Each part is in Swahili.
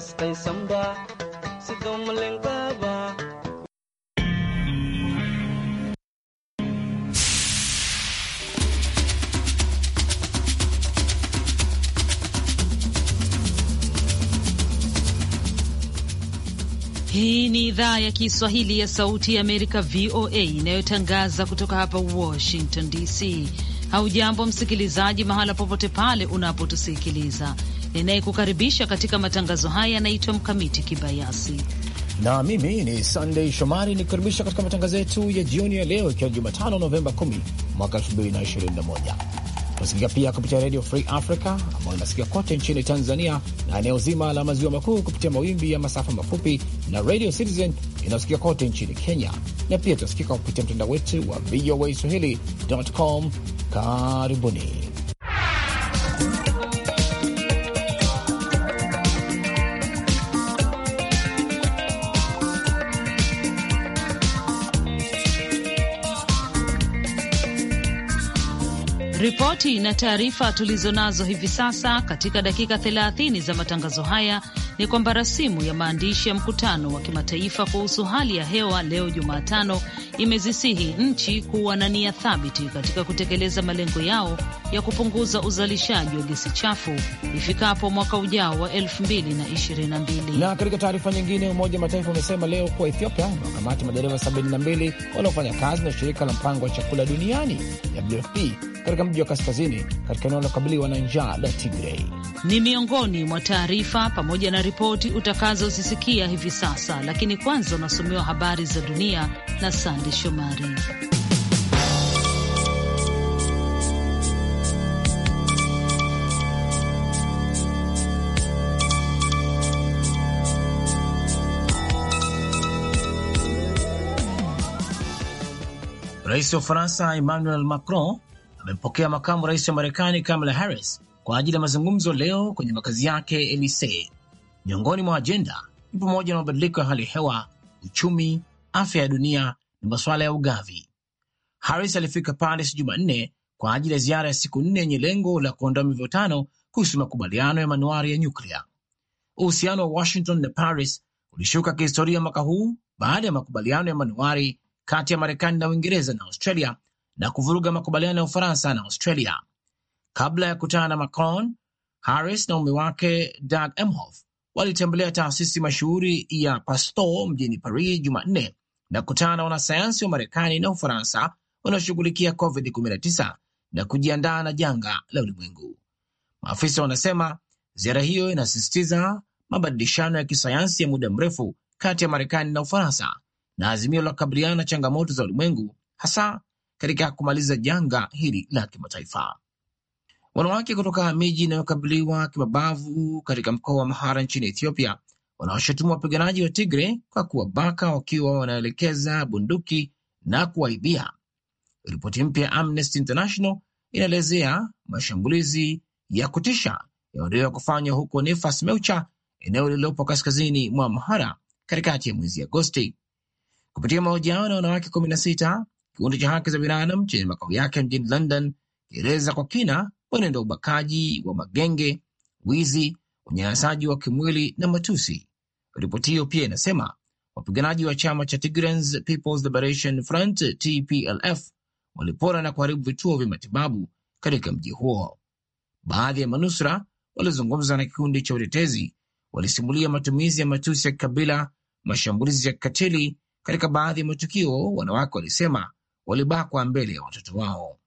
Stay samba, baba. Hii ni idhaa ya Kiswahili ya Sauti ya Amerika, VOA, inayotangaza kutoka hapa Washington DC. Haujambo msikilizaji, mahala popote pale unapotusikiliza. Ninayekukaribisha katika matangazo haya yanaitwa Mkamiti Kibayasi na mimi ni sandey Shomari nikukaribisha katika matangazo yetu ya jioni ya leo, ikiwa Jumatano Novemba 10 mwaka 2021. Tunasikika pia kupitia Redio Free Africa ambayo inasikika kote nchini Tanzania na eneo zima la maziwa makuu kupitia mawimbi ya masafa mafupi na Radio Citizen inayosikika kote nchini Kenya, na pia tunasikika kupitia mtandao wetu wa VOA Swahili.com. Karibuni. Ripoti na taarifa tulizonazo hivi sasa katika dakika 30 za matangazo haya ni kwamba rasimu ya maandishi ya mkutano wa kimataifa kuhusu hali ya hewa leo Jumatano imezisihi nchi kuwa na nia thabiti katika kutekeleza malengo yao ya kupunguza uzalishaji wa gesi chafu ifikapo mwaka ujao wa 2022. Na katika taarifa nyingine, Umoja wa Mataifa umesema leo kuwa Ethiopia wamewakamata madereva 72 wanaofanya kazi na shirika la mpango wa chakula duniani WFP katika mji wa kaskazini katika eneo linalokabiliwa na njaa la Tigrei. Ni miongoni mwa taarifa pamoja na ripoti utakazozisikia hivi sasa, lakini kwanza unasomewa habari za dunia na Sande Shomari. Rais wa Ufaransa Emmanuel Macron amempokea makamu rais wa Marekani Kamala Harris kwa ajili ya mazungumzo leo kwenye makazi yake Elise. Miongoni mwa ajenda ni pamoja na mabadiliko ya hali ya hewa, uchumi, afya ya dunia na masuala ya ugavi. Harris alifika Paris Jumanne kwa ajili ya ziara ya siku nne yenye lengo la kuondoa mivutano kuhusu makubaliano ya manuari ya nyuklia. Uhusiano wa Washington na Paris ulishuka kihistoria mwaka huu baada ya makubaliano ya manuari kati ya Marekani na Uingereza na Australia na kuvuruga makubaliano ya Ufaransa na Australia. Kabla ya kutana na Macron, Harris na mume wake Doug Emhoff walitembelea taasisi mashuhuri ya Pasteur mjini Paris Jumanne na kutana na wanasayansi wa Marekani na Ufaransa wanaoshughulikia COVID-19 na kujiandaa na janga la ulimwengu. Maafisa wanasema ziara hiyo inasisitiza mabadilishano ya kisayansi ya muda mrefu kati ya Marekani na Ufaransa na azimio la kukabiliana na changamoto za ulimwengu, hasa katika kumaliza janga hili la kimataifa. Wanawake kutoka miji inayokabiliwa kimabavu katika mkoa wa Mahara nchini Ethiopia wanaoshutumu wapiganaji wa Tigre kwa kuwabaka wakiwa wanaelekeza bunduki na kuwaibia. Ripoti mpya ya Amnesty International inaelezea mashambulizi ya kutisha yanayodaiwa kufanywa huko Nefas Meucha, eneo lililopo kaskazini mwa Mahara katikati ya mwezi Agosti, Kupitia mahojiano na wanawake kumi na sita, kikundi cha haki za binadamu chenye makao yake mjini London kieleza kwa kina mwenendo wa ubakaji wa magenge, wizi, unyanyasaji wa kimwili na matusi. Ripoti hiyo pia inasema wapiganaji wa chama cha Tigray People's Liberation Front TPLF walipora na kuharibu vituo vya matibabu katika mji huo. Baadhi ya manusura waliozungumza na kikundi cha utetezi, walisimulia matumizi ya matusi ya kikabila, mashambulizi ya kikatili katika baadhi ya matukio, wanawake walisema walibakwa mbele ya watoto wao.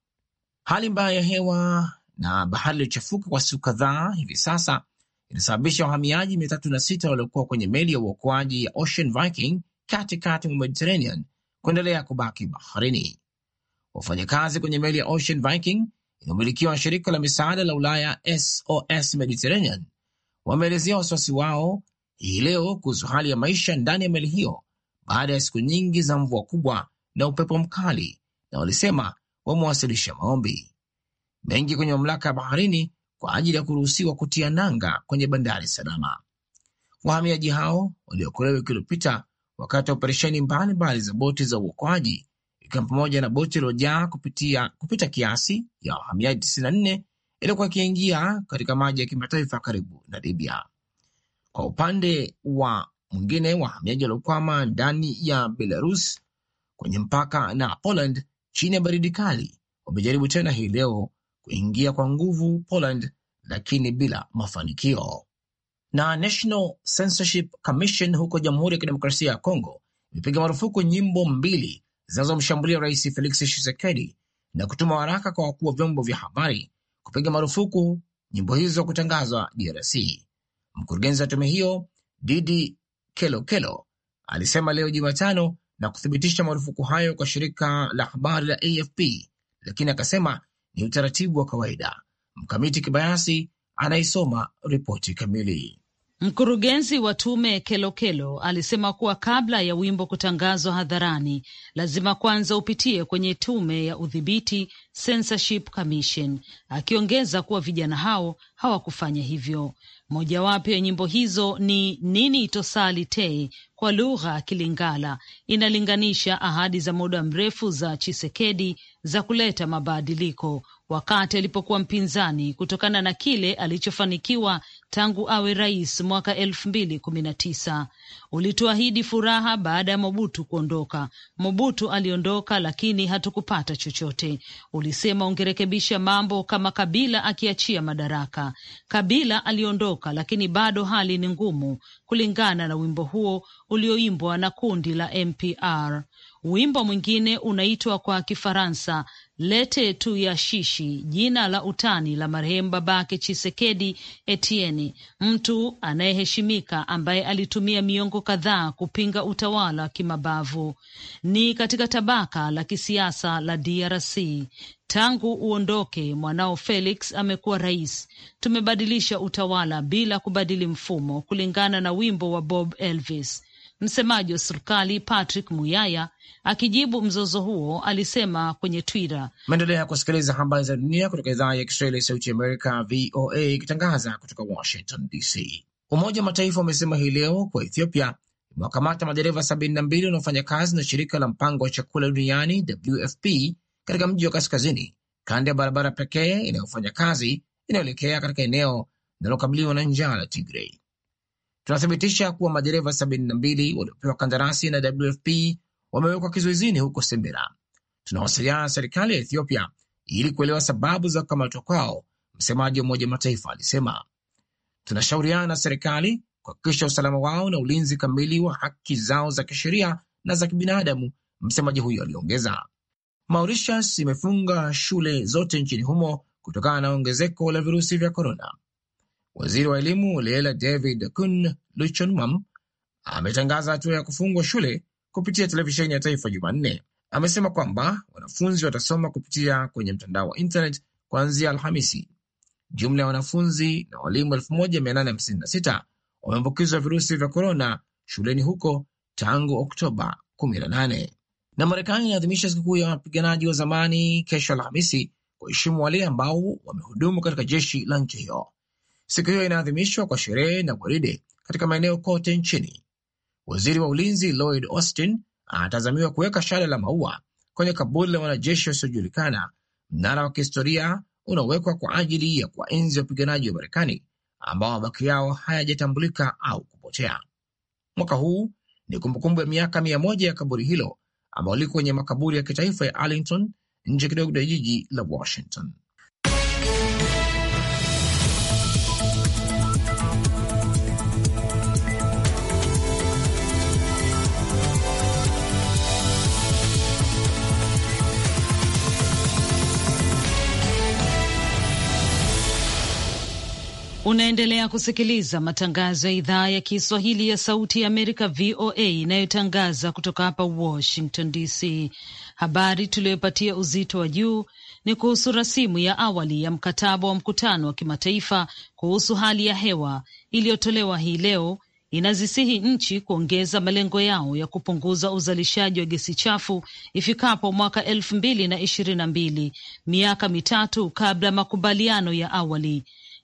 Hali mbaya ya hewa na bahari iliyochafuka kwa siku kadhaa hivi sasa inasababisha wahamiaji mia tatu na sita waliokuwa kwenye meli ya uokoaji ya Ocean Viking katikati mwa Mediterranean kuendelea kubaki baharini. Wafanyakazi kwenye meli ya Ocean Viking inayomilikiwa na shirika la misaada la Ulaya SOS Mediterranean wameelezea wasiwasi wao hii leo kuhusu hali ya maisha ndani ya meli hiyo baada ya siku nyingi za mvua kubwa na upepo mkali, na walisema wamewasilisha maombi mengi kwenye mamlaka ya baharini kwa ajili ya kuruhusiwa kutia nanga kwenye bandari salama. Wahamiaji hao waliokolewa wiki iliyopita wakati wa operesheni mbalimbali za boti za uokoaji, ikiwa pamoja na boti iliyojaa kupita kiasi ya wahamiaji 94 iliyokuwa ikiingia katika maji ya kimataifa karibu na Libya. Kwa upande wa mwingine wahamiaji waliokwama ndani ya Belarus kwenye mpaka na Poland chini ya baridi kali wamejaribu tena hii leo kuingia kwa nguvu Poland, lakini bila mafanikio. Na National Censorship Commission huko Jamhuri ya Kidemokrasia ya Kongo imepiga marufuku nyimbo mbili zinazomshambulia Rais Felix Tshisekedi na kutuma waraka kwa wakuu wa vyombo vya habari kupiga marufuku nyimbo hizo kutangazwa DRC. Mkurugenzi wa tume hiyo Didi Kelo alisema leo Jumatano na kuthibitisha marufuku hayo kwa shirika la habari la AFP, lakini akasema ni utaratibu wa kawaida. Mkamiti Kibayasi anaisoma ripoti kamili. Mkurugenzi wa tume Kelokelo alisema kuwa kabla ya wimbo kutangazwa hadharani, lazima kwanza upitie kwenye tume ya udhibiti Censorship Commission, akiongeza kuwa vijana hao hawakufanya hivyo. Mojawapo ya nyimbo hizo ni nini tosali te kwa lugha ya Kilingala inalinganisha ahadi za muda mrefu za Chisekedi za kuleta mabadiliko wakati alipokuwa mpinzani kutokana na kile alichofanikiwa tangu awe rais mwaka elfu mbili kumi na tisa. Ulituahidi furaha baada ya Mobutu kuondoka. Mobutu aliondoka, lakini hatukupata chochote. Ulisema ungerekebisha mambo kama Kabila akiachia madaraka. Kabila aliondoka, lakini bado hali ni ngumu kulingana na wimbo huo ulioimbwa na kundi la MPR. Wimbo mwingine unaitwa kwa Kifaransa Lete tu ya shishi, jina la utani la marehemu babake Chisekedi Etieni, mtu anayeheshimika ambaye alitumia miongo kadhaa kupinga utawala wa kimabavu. Ni katika tabaka la kisiasa la DRC. Tangu uondoke mwanao Felix amekuwa rais. Tumebadilisha utawala bila kubadili mfumo, kulingana na wimbo wa Bob Elvis. Msemaji wa serikali Patrick Muyaya akijibu mzozo huo alisema kwenye Twitter. Maendelea kusikiliza habari za dunia kutoka idhaa ya Kiswahili ya Sauti Amerika, VOA, ikitangaza kutoka Washington DC. Umoja wa Mataifa umesema hii leo kwa Ethiopia imewakamata madereva 72 wanaofanya kazi na shirika la mpango wa chakula duniani WFP katika mji wa kaskazini, kando ya barabara pekee inayofanya kazi inayoelekea katika eneo linalokabiliwa na njaa la Tigrei. Tunathibitisha kuwa madereva 72 waliopewa kandarasi na WFP wamewekwa kizuizini huko Sembera. Tunawasiliana na serikali ya Ethiopia ili kuelewa sababu za kukamatwa kwao, msemaji wa Umoja Mataifa alisema. Tunashauriana na serikali kuhakikisha usalama wao na ulinzi kamili wa haki zao za kisheria na za kibinadamu, msemaji huyo aliongeza. Mauritius imefunga shule zote nchini humo kutokana na ongezeko la virusi vya korona. Waziri wa elimu Leela David Kun Luchonmam ametangaza hatua ya kufungwa shule kupitia televisheni ya taifa Jumanne. Amesema kwamba wanafunzi watasoma kupitia kwenye mtandao wa internet kuanzia Alhamisi. Jumla ya wanafunzi na walimu 1856 wameambukizwa virusi vya korona shuleni huko tangu Oktoba 18. Na Marekani inaadhimisha sikukuu ya wapiganaji wa zamani kesho Alhamisi kuheshimu wale ambao wamehudumu katika jeshi la nchi hiyo. Siku hiyo inaadhimishwa kwa sherehe na gwaride katika maeneo kote nchini. Waziri wa ulinzi Lloyd Austin anatazamiwa kuweka shada la maua kwenye kaburi la wanajeshi wasiojulikana, mnara wa kihistoria unaowekwa kwa ajili ya kuwaenzi wapiganaji wa Marekani ambao mabaki yao hayajatambulika au kupotea. Mwaka huu ni kumbukumbu ya miaka mia moja ya kaburi hilo ambao liko kwenye makaburi ya kitaifa ya Arlington nje kidogo ya jiji la Washington. Unaendelea kusikiliza matangazo ya idhaa ya Kiswahili ya Sauti ya Amerika, VOA, inayotangaza kutoka hapa Washington DC. Habari tuliyopatia uzito wa juu ni kuhusu rasimu ya awali ya mkataba wa mkutano wa kimataifa kuhusu hali ya hewa iliyotolewa hii leo inazisihi nchi kuongeza malengo yao ya kupunguza uzalishaji wa gesi chafu ifikapo mwaka elfu mbili na ishirini na mbili, miaka mitatu kabla ya makubaliano ya awali.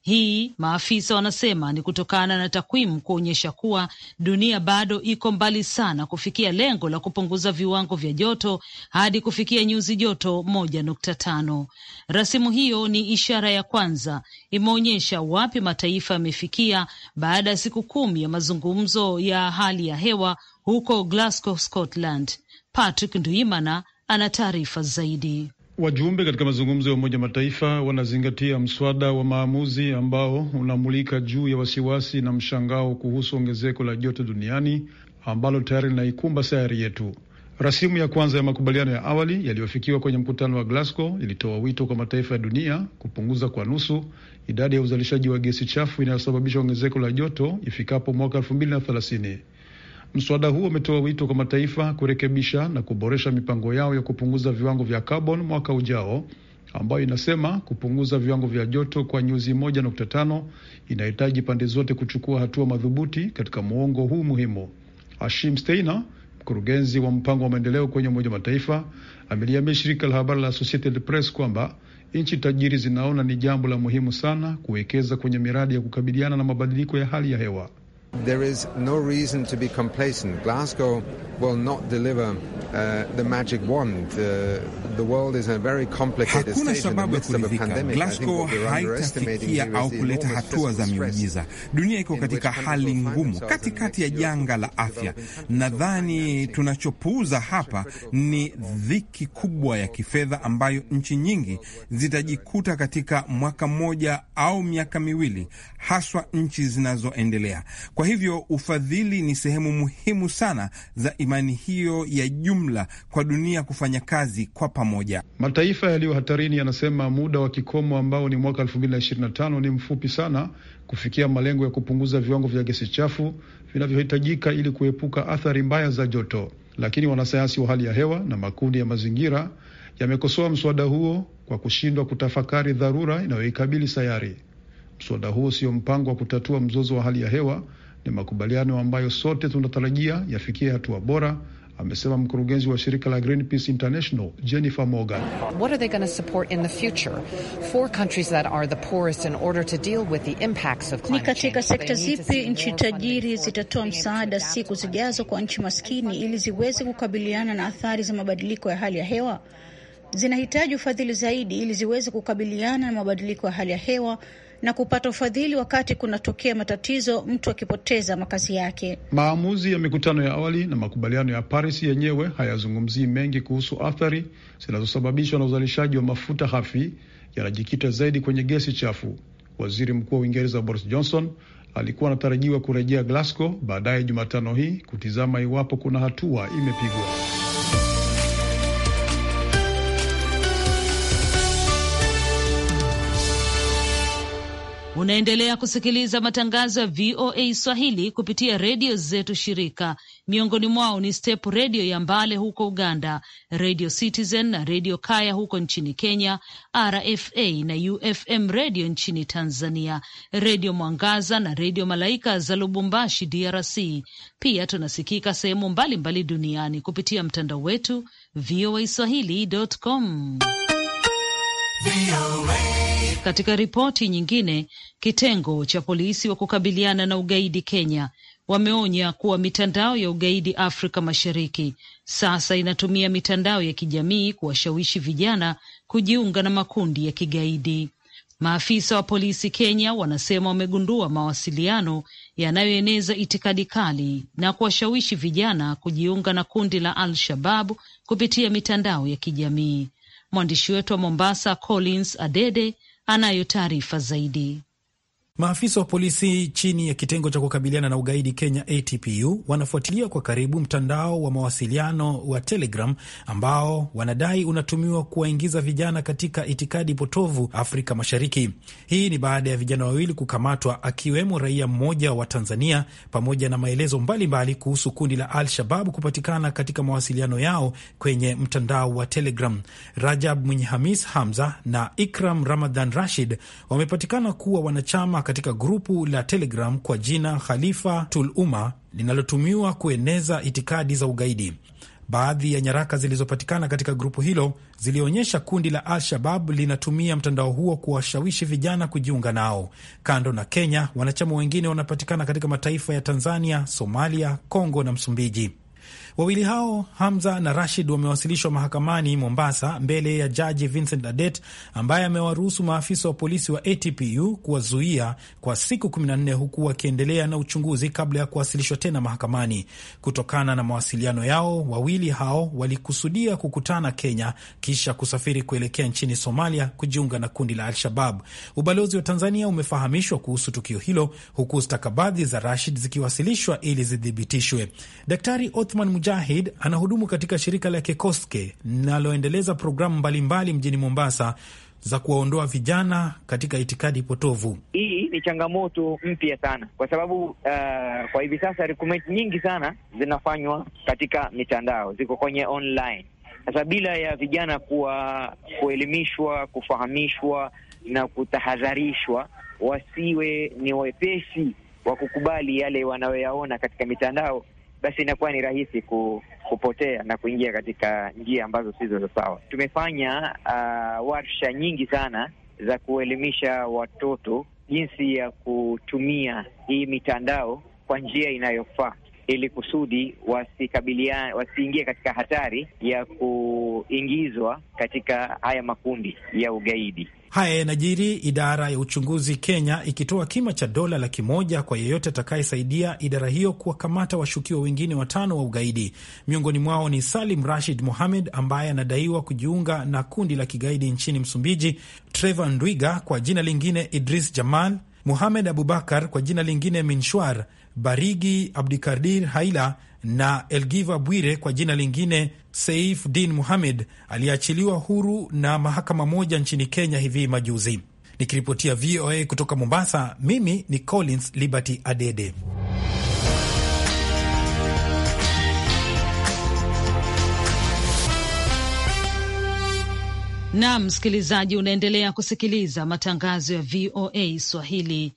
Hii maafisa wanasema ni kutokana na takwimu kuonyesha kuwa dunia bado iko mbali sana kufikia lengo la kupunguza viwango vya joto hadi kufikia nyuzi joto moja nukta tano. Rasimu hiyo ni ishara ya kwanza, imeonyesha wapi mataifa yamefikia baada ya siku kumi ya mazungumzo ya hali ya hewa huko Glasgow, Scotland. Patrick Nduimana ana taarifa zaidi. Wajumbe katika mazungumzo ya Umoja Mataifa wanazingatia mswada wa maamuzi ambao unamulika juu ya wasiwasi na mshangao kuhusu ongezeko la joto duniani ambalo tayari linaikumba sayari yetu. Rasimu ya kwanza ya makubaliano ya awali yaliyofikiwa kwenye mkutano wa Glasgow ilitoa wito kwa mataifa ya dunia kupunguza kwa nusu idadi ya uzalishaji wa gesi chafu inayosababisha ongezeko la joto ifikapo mwaka elfu mbili na thelathini. Mswada huo umetoa wito kwa mataifa kurekebisha na kuboresha mipango yao ya kupunguza viwango vya kaboni mwaka ujao, ambayo inasema kupunguza viwango vya joto kwa nyuzi moja nukta tano inahitaji pande zote kuchukua hatua madhubuti katika muongo huu muhimu. Ashim Steiner, mkurugenzi wa mpango wa maendeleo kwenye Umoja wa Mataifa, ameliambia shirika la habari la Associated Press kwamba nchi tajiri zinaona ni jambo la muhimu sana kuwekeza kwenye miradi ya kukabiliana na mabadiliko ya hali ya hewa. There is no reason to be complacent. Glasgow will not deliver uh, the magic wand. Uh, the world is a very complicated Hakuna sababu ya kuridhika. Glasgow haitafikia au kuleta hatua za miujiza. Dunia iko katika hali ngumu, katikati ya janga la afya. Nadhani tunachopuuza hapa ni dhiki kubwa ya kifedha ambayo nchi nyingi zitajikuta katika mwaka mmoja au miaka miwili, haswa nchi zinazoendelea. Kwa hivyo ufadhili ni sehemu muhimu sana za imani hiyo ya jumla kwa dunia kufanya kazi kwa pamoja. Mataifa yaliyo hatarini yanasema muda wa kikomo ambao ni mwaka 2025 ni mfupi sana kufikia malengo ya kupunguza viwango vya gesi chafu vinavyohitajika ili kuepuka athari mbaya za joto. Lakini wanasayansi wa hali ya hewa na makundi ya mazingira yamekosoa mswada huo kwa kushindwa kutafakari dharura inayoikabili sayari. Mswada huo sio mpango wa kutatua mzozo wa hali ya hewa, ni makubaliano ambayo sote tunatarajia yafikie hatua bora, amesema mkurugenzi wa shirika la Greenpeace International Jennifer Morgan. What are they going to support in the future for countries that are the poorest in order to deal with the impacts of climate change? Ni katika sekta zipi nchi tajiri zitatoa msaada siku zijazo kwa nchi maskini ili ziweze kukabiliana na athari za mabadiliko ya hali ya hewa? Zinahitaji ufadhili zaidi ili ziweze kukabiliana na mabadiliko ya hali ya hewa na kupata ufadhili wakati kunatokea matatizo, mtu akipoteza makazi yake. Maamuzi ya mikutano ya awali na makubaliano ya Paris yenyewe hayazungumzii mengi kuhusu athari zinazosababishwa na uzalishaji wa mafuta hafi, yanajikita zaidi kwenye gesi chafu. Waziri Mkuu wa Uingereza Boris Johnson alikuwa anatarajiwa kurejea Glasgow baadaye Jumatano hii kutizama iwapo kuna hatua imepigwa. Unaendelea kusikiliza matangazo ya VOA Swahili kupitia redio zetu shirika, miongoni mwao ni Step redio ya Mbale huko Uganda, redio Citizen na redio Kaya huko nchini Kenya, RFA na UFM redio nchini Tanzania, redio Mwangaza na redio Malaika za Lubumbashi, DRC. Pia tunasikika sehemu mbalimbali duniani kupitia mtandao wetu voa voaswahili.com. Katika ripoti nyingine, kitengo cha polisi wa kukabiliana na ugaidi Kenya wameonya kuwa mitandao ya ugaidi Afrika Mashariki sasa inatumia mitandao ya kijamii kuwashawishi vijana kujiunga na makundi ya kigaidi. Maafisa wa polisi Kenya wanasema wamegundua mawasiliano yanayoeneza itikadi kali na kuwashawishi vijana kujiunga na kundi la al shababu kupitia mitandao ya kijamii. Mwandishi wetu wa Mombasa, Collins Adede, anayo taarifa zaidi. Maafisa wa polisi chini ya kitengo cha kukabiliana na ugaidi Kenya ATPU wanafuatilia kwa karibu mtandao wa mawasiliano wa Telegram ambao wanadai unatumiwa kuwaingiza vijana katika itikadi potovu Afrika Mashariki. Hii ni baada ya vijana wawili kukamatwa, akiwemo raia mmoja wa Tanzania, pamoja na maelezo mbalimbali mbali kuhusu kundi la Al-Shabab kupatikana katika mawasiliano yao kwenye mtandao wa Telegram. Rajab Mwenye Hamis Hamza na Ikram ramadan Rashid wamepatikana kuwa wanachama katika grupu la Telegram kwa jina Tul Umma linalotumiwa kueneza itikadi za ugaidi. Baadhi ya nyaraka zilizopatikana katika grupu hilo zilionyesha kundi la Al-Shabab linatumia mtandao huo kuwashawishi vijana kujiunga nao. Kando na Kenya, wanachama wengine wanapatikana katika mataifa ya Tanzania, Somalia, Kongo na Msumbiji. Wawili hao Hamza na Rashid wamewasilishwa mahakamani Mombasa mbele ya jaji Vincent Adet ambaye amewaruhusu maafisa wa polisi wa ATPU kuwazuia kwa siku 14 huku wakiendelea na uchunguzi kabla ya kuwasilishwa tena mahakamani. Kutokana na mawasiliano yao, wawili hao walikusudia kukutana Kenya kisha kusafiri kuelekea nchini Somalia kujiunga na kundi la Al-Shabab. Ubalozi wa Tanzania umefahamishwa kuhusu tukio hilo huku stakabadhi za Rashid zikiwasilishwa ili zithibitishwe. Daktari Othman Mujahid anahudumu katika shirika la Kekoske linaloendeleza programu mbalimbali mjini Mombasa za kuwaondoa vijana katika itikadi potovu. Hii ni changamoto mpya sana, kwa sababu uh, kwa hivi sasa recruitment nyingi sana zinafanywa katika mitandao, ziko kwenye online. Sasa bila ya vijana kuwa kuelimishwa, kufahamishwa na kutahadharishwa, wasiwe ni wepesi wa kukubali yale wanayoyaona katika mitandao, basi inakuwa ni rahisi ku, kupotea na kuingia katika njia ambazo sizo za sawa. Tumefanya uh, warsha nyingi sana za kuelimisha watoto jinsi ya kutumia hii mitandao kwa njia inayofaa ili kusudi wasikabiliane, wasiingie katika hatari ya kuingizwa katika haya makundi ya ugaidi. Haya yanajiri idara ya uchunguzi Kenya ikitoa kima cha dola laki moja kwa yeyote atakayesaidia idara hiyo kuwakamata washukiwa wengine watano wa ugaidi. Miongoni mwao ni Salim Rashid Mohamed ambaye anadaiwa kujiunga na kundi la kigaidi nchini Msumbiji, Trevor Ndwiga kwa jina lingine Idris Jamal, Muhamed Abubakar kwa jina lingine Minshwar Barigi, Abdikadir Haila na Elgiva Bwire kwa jina lingine Seif Din Muhamed aliyeachiliwa huru na mahakama moja nchini Kenya hivi majuzi. Nikiripotia VOA kutoka Mombasa, mimi ni Collins Liberty Adede. Naam msikilizaji, unaendelea kusikiliza matangazo ya VOA Swahili.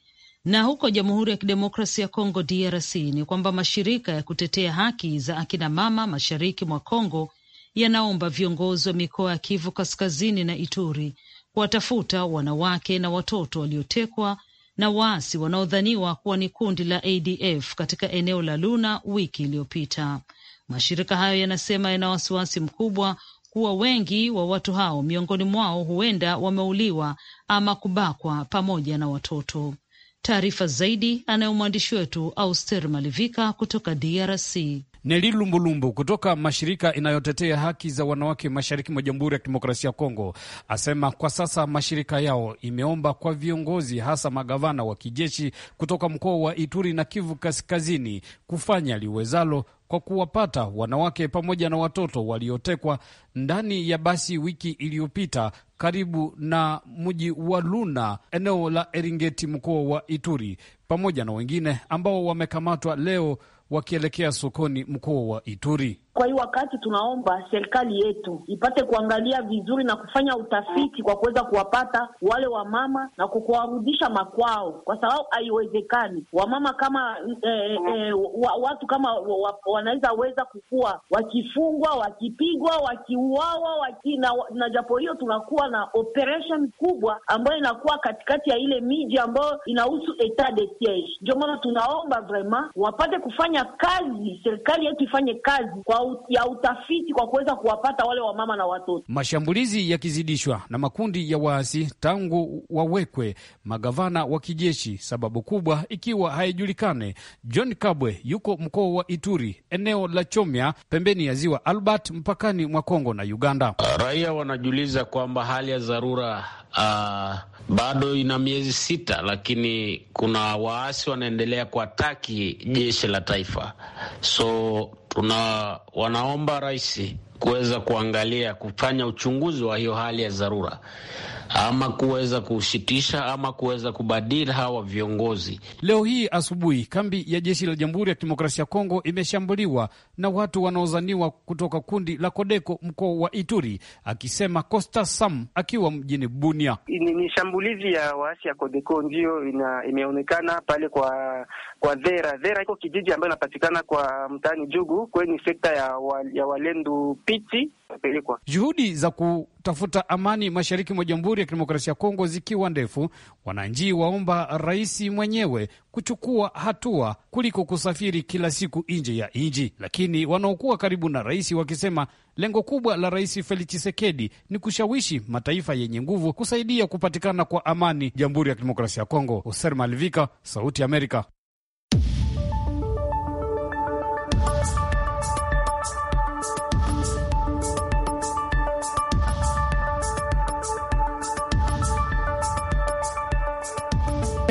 Na huko Jamhuri ya Kidemokrasia ya Kongo DRC ni kwamba mashirika ya kutetea haki za akina mama mashariki mwa Kongo yanaomba viongozi wa mikoa ya Kivu Kaskazini na Ituri kuwatafuta wanawake na watoto waliotekwa na waasi wanaodhaniwa kuwa ni kundi la ADF katika eneo la Luna wiki iliyopita. Mashirika hayo yanasema yana wasiwasi mkubwa kuwa wengi wa watu hao miongoni mwao huenda wameuliwa ama kubakwa pamoja na watoto. Taarifa zaidi anayo mwandishi wetu Auster Malivika kutoka DRC. Neli Lumbulumbu kutoka mashirika inayotetea haki za wanawake mashariki mwa Jamhuri ya Kidemokrasia ya Kongo asema kwa sasa mashirika yao imeomba kwa viongozi hasa magavana wa kijeshi kutoka mkoa wa Ituri na Kivu Kaskazini kufanya liwezalo kwa kuwapata wanawake pamoja na watoto waliotekwa ndani ya basi wiki iliyopita karibu na mji wa Luna, eneo la Eringeti, mkoa wa Ituri, pamoja na wengine ambao wamekamatwa leo wakielekea sokoni, mkoa wa Ituri. Kwa hiyo wakati tunaomba serikali yetu ipate kuangalia vizuri na kufanya utafiti kwa kuweza kuwapata wale wamama na kuwarudisha makwao, kwa sababu haiwezekani wamama kama eh, eh, wa, watu kama wa, wa, wanaweza weza kukua wakifungwa, wakipigwa, wakiuawa waki, na, na japo hiyo tunakuwa na operation kubwa ambayo inakuwa katikati ya ile miji ambayo inahusu etat de siege. Ndio maana tunaomba vraiment wapate kufanya kazi, serikali yetu ifanye kazi kwa ya utafiti kwa kuweza kuwapata wale wamama na watoto. Mashambulizi yakizidishwa na makundi ya waasi tangu wawekwe magavana wa kijeshi, sababu kubwa ikiwa haijulikane. John Kabwe yuko mkoa wa Ituri, eneo la Chomya, pembeni ya ziwa Albert, mpakani mwa Kongo na Uganda. Raia wanajiuliza kwamba hali ya dharura uh, bado ina miezi sita, lakini kuna waasi wanaendelea kuataki jeshi la taifa so tuna wanaomba rais kuweza kuangalia kufanya uchunguzi wa hiyo hali ya dharura, ama kuweza kusitisha ama kuweza kubadili hawa viongozi. Leo hii asubuhi, kambi ya jeshi la Jamhuri ya Kidemokrasia ya Kongo imeshambuliwa na watu wanaozaniwa kutoka kundi la Kodeko mkoa wa Ituri, akisema Costa Sam akiwa mjini Bunia. Ni shambulizi ya waasi ya Kodeko ndiyo ina, imeonekana pale kwa kwa Dhera. Dhera iko kijiji ambayo inapatikana kwa mtaani Jugu kwenye sekta ya, wa, ya Walendu Piti. Juhudi za kutafuta amani mashariki mwa Jamhuri ya Kidemokrasia ya Kongo zikiwa ndefu, wananchi waomba rais mwenyewe kuchukua hatua kuliko kusafiri kila siku nje ya nchi, lakini Kusini wanaokuwa karibu na rais wakisema lengo kubwa la Rais Felix Tshisekedi ni kushawishi mataifa yenye nguvu kusaidia kupatikana kwa amani Jamhuri ya Kidemokrasia ya Kongo. Oser Malivika, Sauti ya Amerika.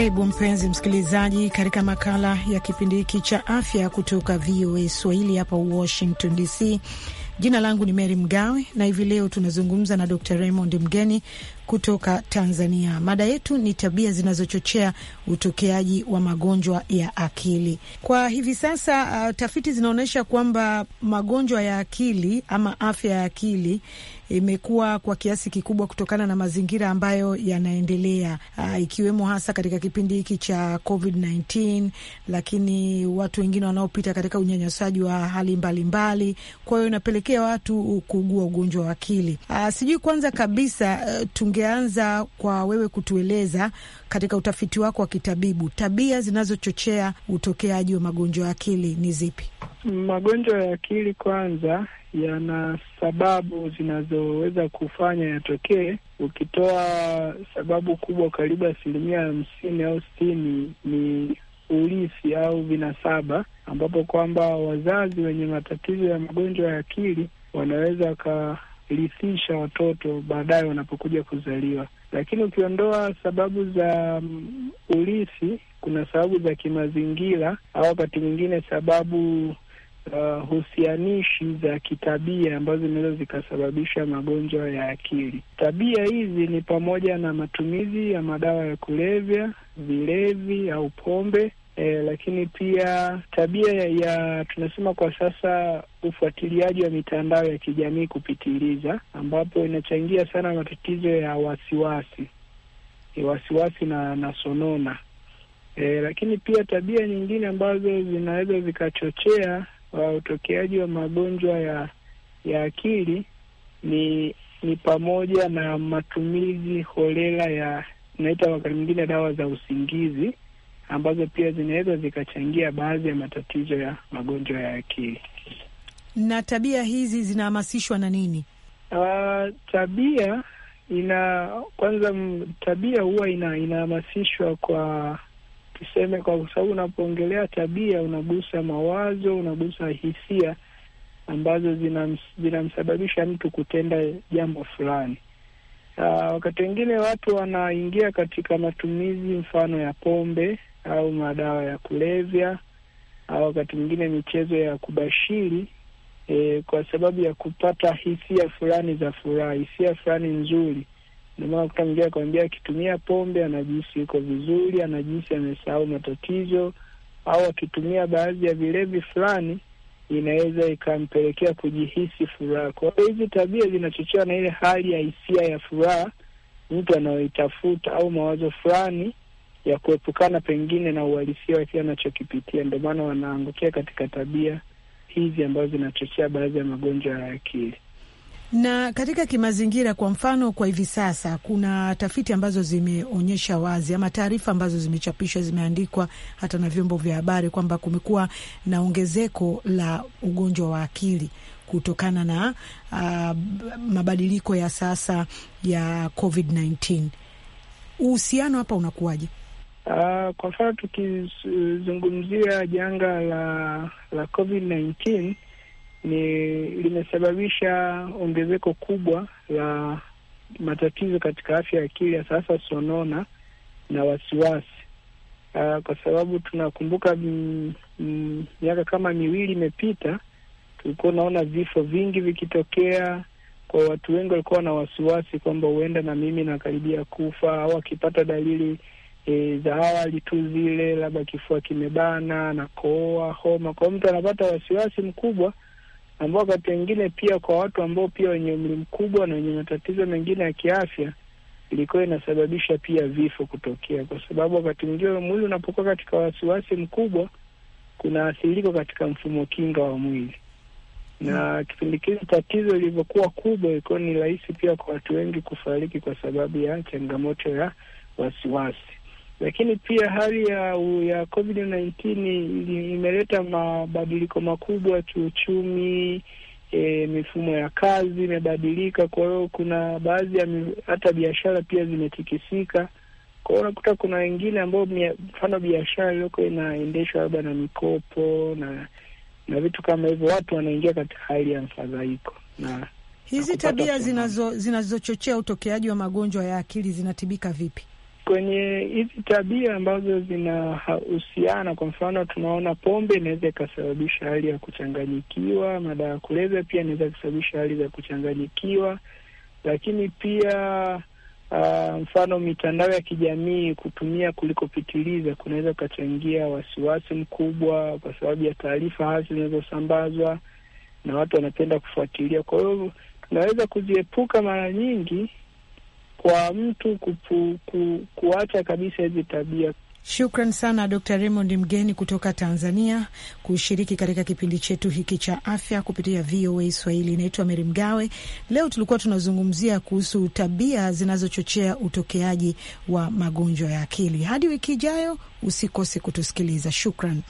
Karibu mpenzi msikilizaji, katika makala ya kipindi hiki cha afya kutoka VOA Swahili hapa Washington DC. Jina langu ni Mary Mgawe na hivi leo tunazungumza na Dr Raymond Mgeni kutoka Tanzania. Mada yetu ni tabia zinazochochea utokeaji wa magonjwa ya akili. Kwa hivi sasa, uh, tafiti zinaonyesha kwamba magonjwa ya akili ama afya ya akili imekuwa kwa kiasi kikubwa kutokana na mazingira ambayo yanaendelea, uh, ikiwemo hasa katika kipindi hiki cha COVID-19, lakini watu wengine wanaopita katika unyanyasaji wa hali mbalimbali, kwa hiyo inapelekea watu kuugua ugonjwa wa akili. Uh, sijui kwanza kabisa uh, tungeanza kwa wewe kutueleza katika utafiti wako wa kitabibu, tabia zinazochochea utokeaji wa magonjwa ya akili ni zipi? Magonjwa ya akili kwanza yana sababu zinazoweza kufanya yatokee. Ukitoa sababu kubwa, karibu asilimia hamsini au sitini ni ulisi au vinasaba, ambapo kwamba wazazi wenye matatizo ya magonjwa ya akili wanaweza wakarithisha watoto baadaye wanapokuja kuzaliwa. Lakini ukiondoa sababu za mm, ulisi, kuna sababu za kimazingira au wakati mwingine sababu uh, husianishi za kitabia ambazo zinaweza zikasababisha magonjwa ya akili. Tabia hizi ni pamoja na matumizi ya madawa ya kulevya, vilevi au pombe. E, lakini pia tabia ya, ya tunasema kwa sasa ufuatiliaji wa mitandao ya kijamii kupitiliza, ambapo inachangia sana matatizo ya wasiwasi e, wasiwasi na, na sonona e, lakini pia tabia nyingine ambazo zinaweza zikachochea wa utokeaji wa magonjwa ya ya akili ni ni pamoja na matumizi holela ya naita wakati mwingine dawa za usingizi ambazo pia zinaweza zikachangia baadhi ya matatizo ya magonjwa ya akili. Na tabia hizi zinahamasishwa na nini? Uh, tabia ina kwanza, tabia huwa ina inahamasishwa kwa tuseme, kwa sababu unapoongelea tabia unagusa mawazo, unagusa hisia ambazo zinamsababisha zina mtu kutenda jambo fulani. Uh, wakati wengine watu wanaingia katika matumizi mfano ya pombe au madawa ya kulevya au wakati mwingine michezo ya kubashiri eh, kwa sababu ya kupata hisia fulani za furaha, hisia fulani nzuri ndio maana kuta mjia akwambia akitumia pombe anajihisi yuko vizuri, anajihisi amesahau matatizo, au akitumia baadhi ya vilevi fulani inaweza ikampelekea kujihisi furaha. Kwa hiyo hizi tabia zinachochewa na ile hali ya hisia ya furaha mtu anayoitafuta au mawazo fulani ya kuepukana pengine na uhalisia wa kile anachokipitia. Ndio maana wanaangukia katika tabia hizi ambazo zinachochea baadhi ya magonjwa ya akili. Na katika kimazingira, kwa mfano, kwa hivi sasa kuna tafiti ambazo zimeonyesha wazi ama taarifa ambazo zimechapishwa, zimeandikwa hata na vyombo vya habari kwamba kumekuwa na ongezeko la ugonjwa wa akili kutokana na uh, mabadiliko ya sasa ya COVID-19. Uhusiano hapa unakuwaje? Uh, kwa mfano tukizungumzia janga la la COVID-19 ni limesababisha ongezeko kubwa la matatizo katika afya ya akili, ya sasa sonona na wasiwasi. Uh, kwa sababu tunakumbuka miaka kama miwili imepita, tulikuwa unaona vifo vingi vikitokea kwa watu wengi, walikuwa na wasiwasi kwamba huenda na mimi nakaribia kufa, au akipata dalili e, za awali tu zile, labda kifua kimebana, na homa, kwa mtu anapata wasiwasi mkubwa ambao wakati wengine pia kwa watu ambao pia wenye umri mkubwa na wenye matatizo mengine ya kiafya ilikuwa inasababisha pia vifo kutokea, kwa sababu wakati mwingine mwili unapokuwa katika wasiwasi mkubwa, kuna athiriko katika mfumo kinga wa mwili na hmm, kipindi kile tatizo ilivyokuwa kubwa, ilikuwa ni rahisi pia kwa watu wengi kufariki kwa sababu ya changamoto ya wasiwasi lakini pia hali ya, ya COVID 19 imeleta mabadiliko makubwa kiuchumi. E, mifumo ya kazi imebadilika, kwa hiyo kuna baadhi ya hata biashara pia zimetikisika. Kwa hiyo unakuta kuna wengine ambao mfano biashara iliyoko inaendeshwa labda na mikopo na na vitu kama hivyo, watu wanaingia katika hali ya mfadhaiko. Na hizi tabia zinazochochea zinazo utokeaji wa magonjwa ya akili zinatibika vipi? kwenye hizi tabia ambazo zinahusiana, kwa mfano, tunaona pombe inaweza ikasababisha hali ya kuchanganyikiwa, madawa ya kulevya pia inaweza kusababisha hali za kuchanganyikiwa, lakini pia Uh, mfano mitandao ya kijamii kutumia kulikopitiliza kunaweza ukachangia wasiwasi mkubwa, kwa sababu ya taarifa hasi zinazosambazwa na watu wanapenda kufuatilia. Kwa hiyo tunaweza kuziepuka mara nyingi kwa mtu kupu, ku, kuacha kabisa hizi tabia. Shukran sana Dr. Raymond mgeni kutoka Tanzania kushiriki katika kipindi chetu hiki cha afya kupitia VOA Swahili. Inaitwa Meri Mgawe. Leo tulikuwa tunazungumzia kuhusu tabia zinazochochea utokeaji wa magonjwa ya akili. Hadi wiki ijayo, usikose kutusikiliza. Shukran.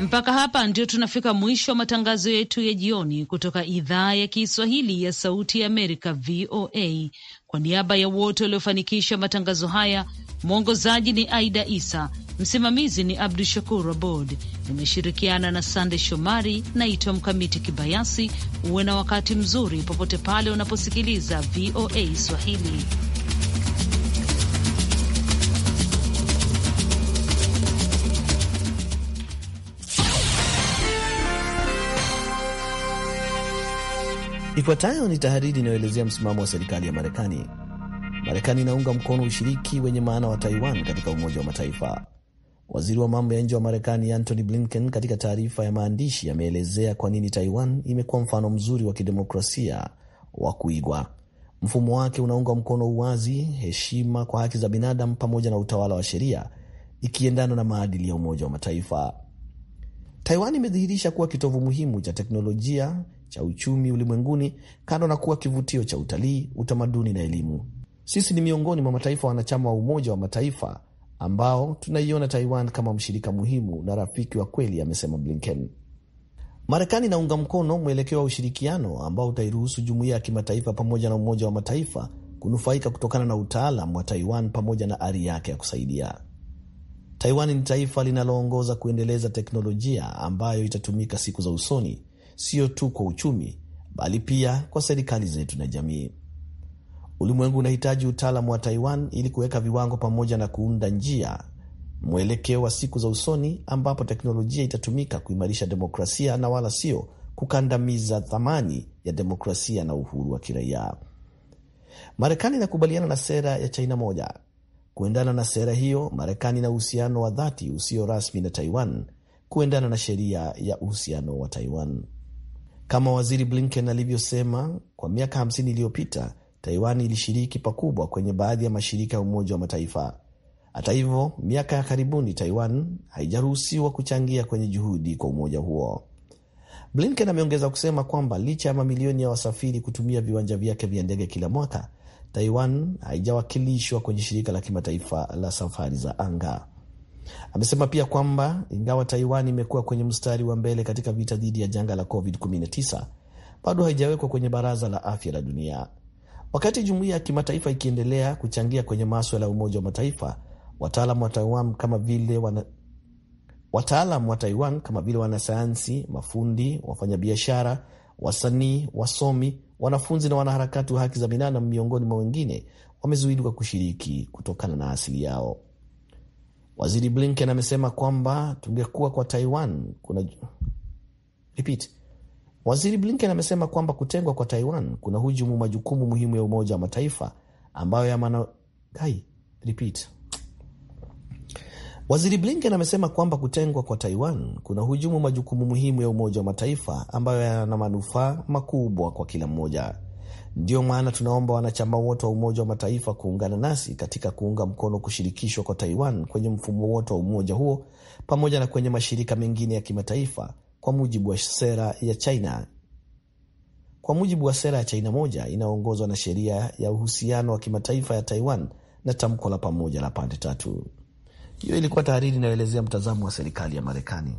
Mpaka hapa ndio tunafika mwisho wa matangazo yetu ya jioni kutoka idhaa ya Kiswahili ya Sauti ya Amerika, VOA. Kwa niaba ya wote waliofanikisha matangazo haya, mwongozaji ni Aida Isa, msimamizi ni Abdu Shakur Abod. Nimeshirikiana na Sande Shomari. Naitwa Mkamiti Kibayasi. Uwe na wakati mzuri popote pale unaposikiliza VOA Swahili. Ifuatayo ni tahariri inayoelezea msimamo wa serikali ya Marekani. Marekani inaunga mkono ushiriki wenye maana wa Taiwan katika Umoja wa Mataifa. Waziri wa mambo ya nje wa Marekani Antony Blinken katika taarifa ya maandishi ameelezea kwa nini Taiwan imekuwa mfano mzuri wa kidemokrasia wa kuigwa. Mfumo wake unaunga mkono uwazi, heshima kwa haki za binadamu pamoja na utawala wa sheria, ikiendana na maadili ya Umoja wa Mataifa. Taiwan imedhihirisha kuwa kitovu muhimu cha teknolojia cha uchumi ulimwenguni, kando na kuwa kivutio cha utalii, utamaduni na elimu. Sisi ni miongoni mwa mataifa wanachama wa Umoja wa Mataifa ambao tunaiona Taiwan kama mshirika muhimu na rafiki wa kweli, amesema Blinken. Marekani inaunga mkono mwelekeo wa ushirikiano ambao utairuhusu jumuiya ya kimataifa pamoja na Umoja wa Mataifa kunufaika kutokana na utaalam wa Taiwan pamoja na ari yake ya kusaidia. Taiwan ni taifa linaloongoza kuendeleza teknolojia ambayo itatumika siku za usoni sio tu kwa uchumi, bali pia kwa serikali zetu na jamii. Ulimwengu unahitaji utaalamu wa Taiwan ili kuweka viwango pamoja na kuunda njia mwelekeo wa siku za usoni ambapo teknolojia itatumika kuimarisha demokrasia na wala sio kukandamiza thamani ya demokrasia na uhuru wa kiraia. Marekani inakubaliana na sera ya China moja. Kuendana na sera hiyo, Marekani ina uhusiano wa dhati usio rasmi na Taiwan kuendana na sheria ya uhusiano wa Taiwan. Kama waziri Blinken alivyosema, kwa miaka 50 iliyopita Taiwan ilishiriki pakubwa kwenye baadhi ya mashirika ya Umoja wa Mataifa. Hata hivyo, miaka ya karibuni Taiwan haijaruhusiwa kuchangia kwenye juhudi kwa umoja huo. Blinken ameongeza kusema kwamba licha ya mamilioni ya wasafiri kutumia viwanja vyake vya ndege kila mwaka, Taiwan haijawakilishwa kwenye shirika la kimataifa la safari za anga. Amesema pia kwamba ingawa Taiwan imekuwa kwenye mstari wa mbele katika vita dhidi ya janga la COVID-19, bado haijawekwa kwenye baraza la afya la dunia. Wakati jumuiya ya kimataifa ikiendelea kuchangia kwenye maswala ya Umoja wa Mataifa, wataalam wa Taiwan kama vile wana wataalam wa Taiwan kama vile wanasayansi, mafundi, wafanyabiashara, wasanii, wasomi, wanafunzi na wanaharakati wa haki za binadamu, miongoni mwa wengine, wamezuidwa kushiriki kutokana na asili yao. Waziri Blinken amesema kwamba tungekuwa kwa Taiwan kuna... Repeat. Waziri Blinken amesema kwamba kutengwa kwa Taiwan kuna hujumu majukumu muhimu ya Umoja wa Mataifa ambayo ya mana... Hai, repeat. Waziri Blinken amesema kwamba kutengwa kwa Taiwan kuna hujumu majukumu muhimu ya Umoja wa Mataifa ambayo yana manufaa makubwa kwa kila mmoja. Ndiyo maana tunaomba wanachama wote wa Umoja wa Mataifa kuungana nasi katika kuunga mkono kushirikishwa kwa Taiwan kwenye mfumo wote wa umoja huo pamoja na kwenye mashirika mengine ya kimataifa kwa mujibu wa sera ya China kwa mujibu wa sera ya China moja inayoongozwa na sheria ya uhusiano wa kimataifa ya Taiwan na tamko la pamoja la pande tatu. Hiyo ilikuwa tahariri inayoelezea mtazamo wa serikali ya Marekani.